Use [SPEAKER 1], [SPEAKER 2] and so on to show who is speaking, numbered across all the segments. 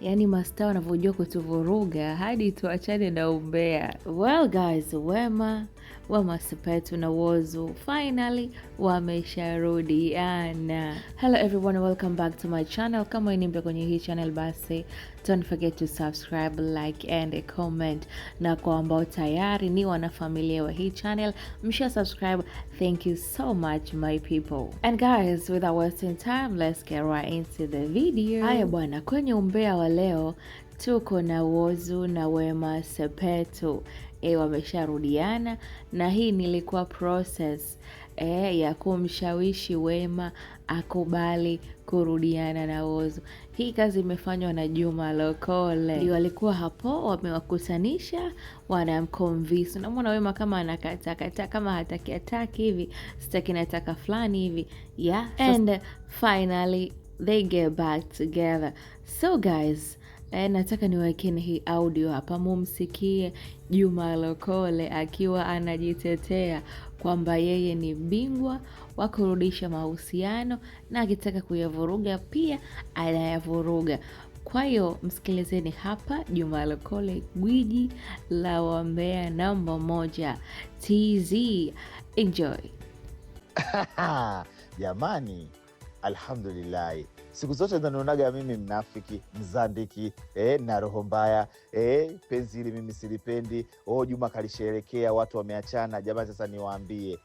[SPEAKER 1] yani mastaa wanavyojua kutuvuruga hadi tuachane na umbea. Well guys, Wema Wema Sepetu na Whozu finally wamesharudiana. Hello everyone, welcome back to my channel. Kama ni mpya kwenye hii channel, basi Don't forget to subscribe, like and a comment. Na kwa ambao tayari ni wanafamilia wa hii channel, msha subscribe. Thank you so much my people. And guys, without wasting time, let's get right into the video. Haya bwana, kwenye umbea wa leo tuko na wozu na Wema Sepetu. E, wamesharudiana na hii nilikuwa process e, ya kumshawishi Wema akubali kurudiana na Whozu. Hii kazi imefanywa na Juma Lokole, ndio walikuwa hapo wamewakutanisha, wanamkonvinsi. Unamwona Wema kama anakatakata kama hataki ataki hivi, sitaki nataka fulani hivi yeah. And finally they get back together so guys E, nataka niwekeni hii audio hapa mumsikie Juma Lokole akiwa anajitetea kwamba yeye ni bingwa wa kurudisha mahusiano na akitaka kuyavuruga pia anayavuruga. Kwa hiyo msikilizeni hapa Juma Lokole, gwiji la wambea namba moja TZ. Enjoy.
[SPEAKER 2] Jamani, Alhamdulillah, siku zote nanionaga mimi mnafiki, mzandiki eh, na roho mbaya eh, penzi hili mimi silipendi. Oh, Juma kalisherekea, watu wameachana. Jamani, sasa niwaambie,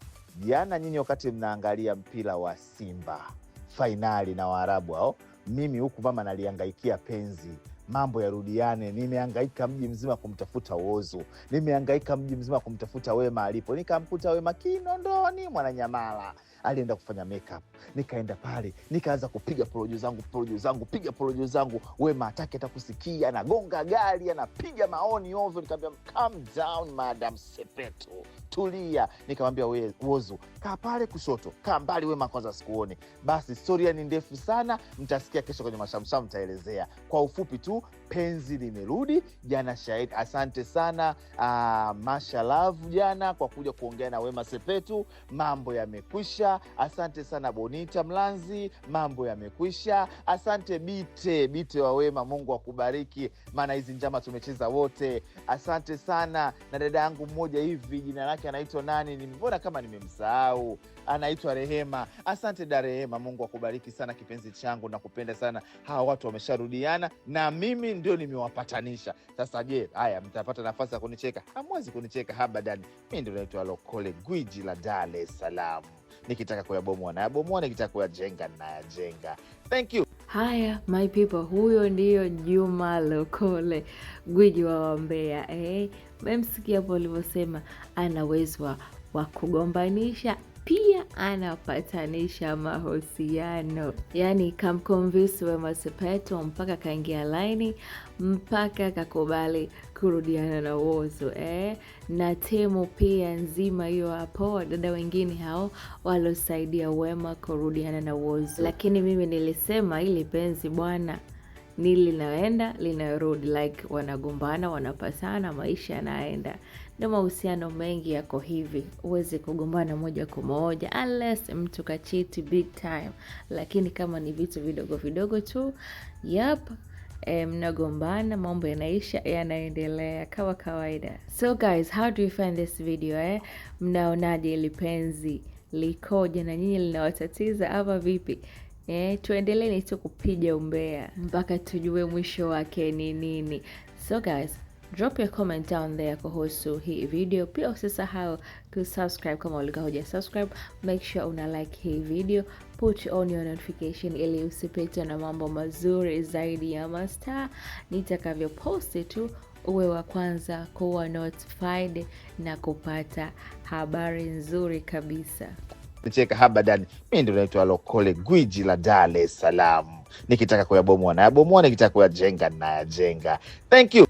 [SPEAKER 2] jana nyinyi wakati mnaangalia mpira wa Simba fainali na Waarabu hao, mimi huku mama naliangaikia penzi mambo yarudiane. nimeangaika mji mzima kumtafuta Whozu, nimeangaika mji mzima kumtafuta Wema alipo, nikamkuta Wema Kinondoni, Mwananyamala, alienda kufanya makeup. Nikaenda pale nikaanza kupiga porojo zangu, porojo zangu, piga porojo zangu. Wema hataki atakusikia, anagonga gari, anapiga maoni ovyo. Nikamwambia calm down madam Sepetu, tulia. Nikamwambia Whozu, kaa pale kushoto, kaa mbali Wema kwanza sikuone. Basi storia ni ndefu sana, mtasikia kesho kwenye mashamsha, mtaelezea kwa ufupi tu yetu penzi limerudi jana shahidi. Asante sana uh, ah, mashalavu jana kwa kuja kuongea na Wema Sepetu, mambo yamekwisha. Asante sana Bonita Mlanzi, mambo yamekwisha. Asante Bite Bite wa Wema, Mungu akubariki, maana hizi njama tumecheza wote. Asante sana na dada yangu mmoja hivi, jina lake anaitwa nani? Nimeona kama nimemsahau, anaitwa Rehema. Asante da Rehema, Mungu akubariki sana kipenzi changu, nakupenda sana. Hawa watu wamesharudiana nam mimi ndio nimewapatanisha. Sasa je, haya mtapata nafasi ya kunicheka? Hamwezi kunicheka habadani. Mi ndio naitwa Lokole, gwiji la Dar es Salaam. Nikitaka kuyabomoa nayabomoa, nikitaka kuyajenga nayajenga. Thank you.
[SPEAKER 1] Haya my people, huyo ndiyo Juma Lokole, gwiji wa wambea. Eh, memsikia hapo alivyosema, ana uwezo wa kugombanisha pia anapatanisha mahusiano, yaani kamkomvisi Wema Sepetu mpaka kaingia laini, mpaka kakubali kurudiana na Whozu eh? na timu pia nzima hiyo hapo, wadada wengine hao walosaidia Wema kurudiana na Whozu. Lakini mimi nilisema ili penzi bwana nili linaenda linarudi, like wanagombana, wanapasana, maisha yanaenda. Ndio mahusiano mengi yako hivi, huwezi kugombana moja kwa moja unless mtu kachiti big time, lakini kama ni vitu vidogo vidogo tu, yap E, eh, mnagombana mambo yanaisha, yanaendelea kama kawaida. So guys, how do you find this video eh? Mnaonaje lipenzi likoje, na nyinyi linawatatiza ama vipi? Eh, tuendelee nisi kupiga umbea mpaka tujue mwisho wake ni nini. So guys, drop your comment down there kuhusu hii video. Pia usisahau to subscribe kama ulikuwa huja subscribe. Make sure una like hii video, put on your notification ili usipitwe na mambo mazuri zaidi ya mastaa nitakavyo posti tu, uwe wa kwanza kuwa notified na kupata habari nzuri kabisa
[SPEAKER 2] nicheka habadani. Mi ndo naitwa Lokole, gwiji la Dar es Salaam. Nikitaka kuyabomoa nayabomoa, nikitaka kuyajenga nayajenga. Thank you.